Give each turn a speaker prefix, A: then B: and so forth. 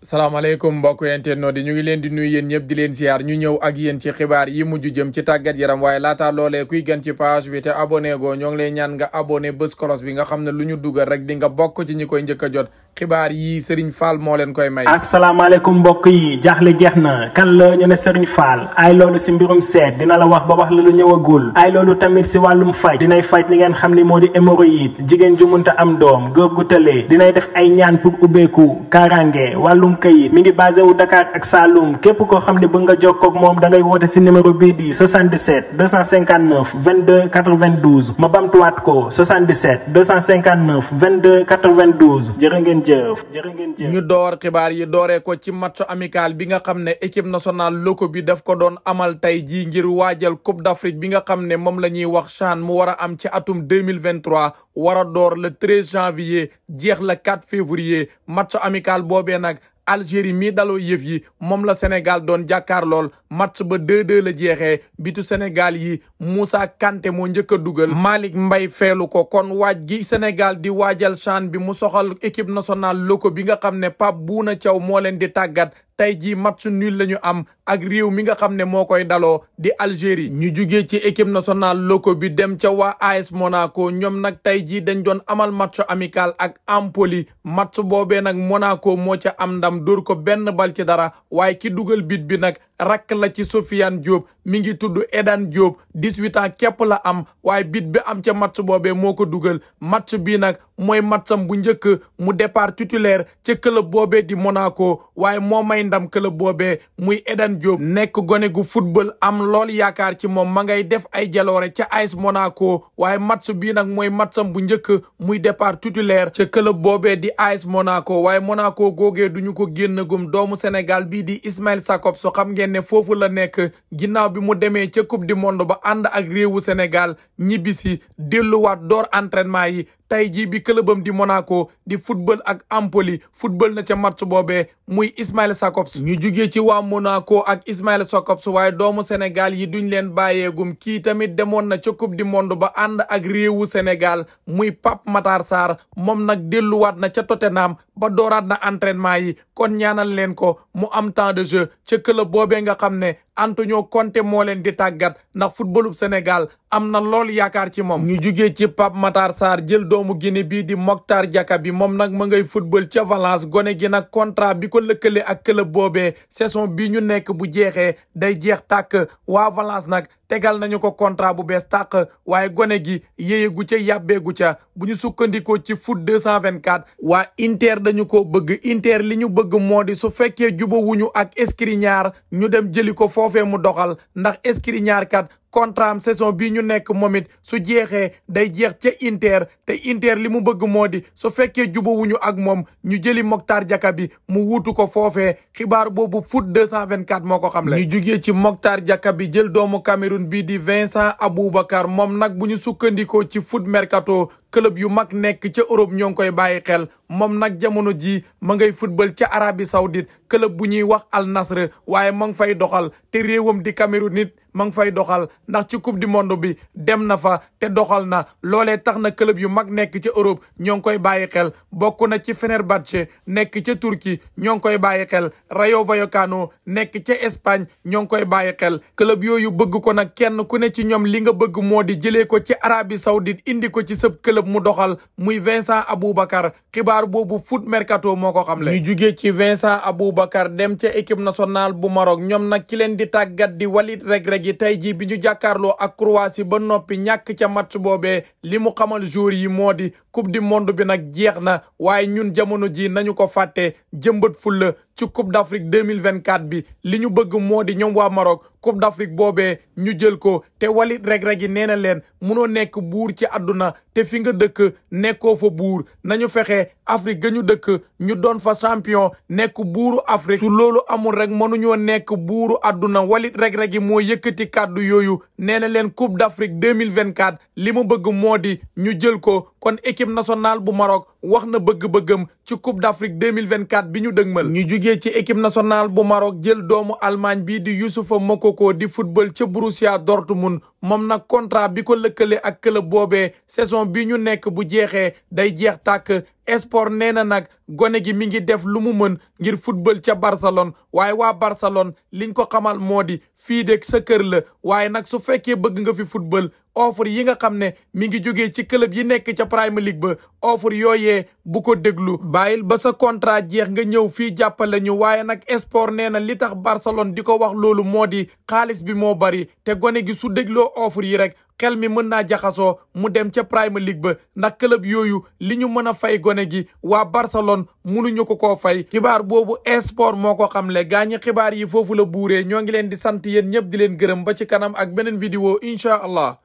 A: salaamaaleykum mbokk yentennoo di ñu ngi leen di nuyu yéen ñëpp di leen siyaar ñu ñëw ak yéen ci xibaar yi mujj jëm ci tàggat yaram waaye laata loolee kuy gën ci page bi te abonné goo ñoo ngi lay ñaan nga abonné bés kolos bi nga xam ne lu ñu dugal rek di nga bokk ci koy njëkk a jot xibaar yi Serigne Fall moo leen
B: koy may asalaamaaleykum mbokk yi jaaxle jeex na kan la ñu ne Serigne Fall ay loolu si mbirum seet dina la wax ba wax la lu ñëwagul ay loolu tamit si wàllum faj dinay faj li ngeen xam ni moo di hémorroïde jigéen ju munta am doom góor gu tëlee dinay def ay ñaan pour ubbeeku kaaraange wàllum wàllum këyit mi ngi basé wu Dakar ak Saloum képp koo xam ne bëgg nga jokkoo ak moom da ngay woote si numéro bii di 77 259 22 92 ma bamtuwaat ko 77 259 22 92 jërë ngeen jëf jërë ngeen jëf. ñu door
A: xibaar yi dooree ko ci match amical bi nga xam ne équipe nationale loko bi daf ko doon amal tey jii ngir waajal Coupe d'Afrique bi nga xam ne moom la ñuy wax CHAN mu war a am ci atum 2023 war a door le 13 janvier jeex le 4 février match amicale boobee nag Algérie mii daloo yëf yi moom la Sénégal doon jàkkaar lool ba 2-2 la jeexee bitu Sénégal yi Moussa Kanté moo njëkk a dugal Malick mbay feelu ko kon waaj gi Sénégal di waajal CHAN bi mu soxal équipe nationale loko bi nga xam ne Pape Bouna cew moo leen di tàggat tey jii match nul la am ak réew mi nga xam ne moo koy daloo di Algérie ñu jugee ci équipe nationale loko bi dem ca waa AS Monaco ñoom nag tey jii dañ doon amal match amical ak Empoli match boobee nag Monaco moo ca am ndam dóor ko benn bal ci dara waaye ki dugal bit bi nag rakk la ci Sofiane Diop mi ngi tudd Edan Diop 18 ans képp la am waaye bit bi am ca match boobee moo ko dugal match bii nag mooy matcham bu njëkk mu départ titulaire ca club boobee di Monaco waaye moo may ndam club boobee muy Edan Diop nekk gone gu football am lool yaakaar ci moom ma ngay def ay jaloore ca AS Monaco waaye match bii nag mooy matcham bu njëkk muy départ titulaire ca club boobee di AS Monaco waaye Monaco googee duñu ko génn gum doomu Sénégal bii di Ismail Jakobs so xam ngeen ne foofu la nekk ginnaaw bi mu demee ca coupe du monde ba ànd ak réewu Sénégal ñibbisi delluwaat door entraînement yi tey jii bi clubam di Monaco di football ak Empoli football na ca match boobee muy Ismail Jakobs ñu jugee ci waa Monaco ak Ismail Jakobs waaye doomu Sénégal yi duñ leen bàyyeegum kii tamit demoon na ca coupe du monde ba ànd ak réewu senegal muy Pape Matar Sarr moom nag delluwaat na ca Tottenham ba dooraat na entraînement yi kon ñaanal leen ko mu am temps de jeu ca club boobee nga xam ne Antonio Conte moo leen di tàggat ndax footballub Sénégal am na lool yaakaar ci moom ñu juge ci Pape Matar Sarr jël doomu Guinée bii di Moctar Diakhaby moom nag ma ngay football ca Valence gone gi nag contrat bi ko lëkkale ak club boobee saison bi ñu nekk bu jeexee day jeex tàkk waa Valence nag tegal nañu ko contrat bu bees tàq waaye gone gi yéyegu ca yàbbeegu ca bu ñu sukkandikoo ci foot 224 waa Inter dañu ko bëgg Inter li ñu bëgg moo di su fekkee jubawuñu ak Skriniar ñu dem jëli ko foofee mu doxal ndax Skriniar kat contrat am saison bii ñu nekk moom it su jeexee day jeex ca Inter te Inter li mu bëgg moo di su fekkee jubawuñu ak moom ñu jëli Moctar Diakhaby mu wuutu ko foofee xibaar boobu foot 224 moo ko xamle. ñu jugee ci Moctar Diakhaby jël doomu Cameroun Cameroun bi di Vincent Aboubakar moom nag bu ñu sukkandikoo ci foot merkato club yu mag nekk ca Europe ñoo ngi koy bàyyi xel moom nag jamono jii ma ngay football ca Arabie Saoudite club bu ñuy wax Al Nasr waaye ma ngi fay doxal te réewam di Cameroun nit ma ngi fay doxal ndax ci coupe du mondo bi dem na fa te doxal na loole tax na club yu mag nekk ci Europe ñoo ngi koy bàyyi xel bokk na ci Fenerbahçe nekk ca Turquie ñoo ngi koy bàyyi xel Rayo Vallecano nekk ci Espagne ñoo ngi koy bàyyi xel club yooyu bëgg ko nag kenn ku ne ci ñoom li nga bëgg moo di jëlee ko ci Arabie Saoudite indi ko ci sëb club mu doxal muy Vincent Aboubakar xibaar boobu foot mercato moo ko xamle ñu jugee ci Vincent Aboubakar dem ca équipe nationale bu Maroc ñoom nag ki leen di tàggat di Walid Regragui gi tey jii bi ñu jàkkaarloo ak Croatie ba noppi ñàkk ca match boobee li mu xamal jour yi moo di coupe du monde bi nag jeex na waaye ñun jamono ji nañu ko fàtte jëmbat fulla ci coupe d'Afrique deux mille vingt quatre bi li ñu bëgg moo di ñoom waa Maroc coupe d'Afrique boobee ñu jël ko te walit reg-reg yi nee na leen munoo nekk buur ci àdduna te fi nga dëkk nekkoo fa buur nañu fexe Afrique ga ñu dëkk ñu doon fa champion nekk buur Afrique su loolu amul rek mënuñoo nekk buuru àdduna walit reg-reg yëkk yëkkati kàddu yooyu nee na leen coupe d'Afrique 2024 li mu bëgg moo di ñu jël ko kon équipe nationale bu Maroc wax na bëgg bëggëm ci coupe d'Afrique 2024 bi ñu dëgmal ñu jugee ci équipe nationale bu Maroc jël doomu Allemagne bii di Youssoufa Mokoko di football ca Borussia Dortmund moom nag contrat bi ko lëkkale ak club boobee saison bi ñu nekk bu jeexee day jeex tàkk esport nee na nag gone gi mi ngi def lu mu mën ngir football ca Barcelone waaye waa Barcelone liñ ko xamal moo di fii de sa kër la waaye nag su fekkee bëgg nga fi football offre yi nga xam ne mi ngi jógee ci club yi nekk ca Premier League ba offre yooyee bu ko déglu bàyyil ba sa contrat jeex nga ñëw fii jàppale ñu waaye nag sport nee na li tax Barcelone di ko wax loolu moo di xaalis bi moo bari te gone gi su dégloo ofre yi rek xel mi mën naa jaxasoo mu dem ca Premier League ba ndax club yooyu li ñu mën a fay gone gi waa Barcelone mënuñu ko koo fay xibaar boobu esport moo ko xam le gaa ñi xibaar yi foofu la buuree ñoo ngi leen di sant yéen ñëpp di leen gërëm ba ci kanam ak beneen vidéo incha allah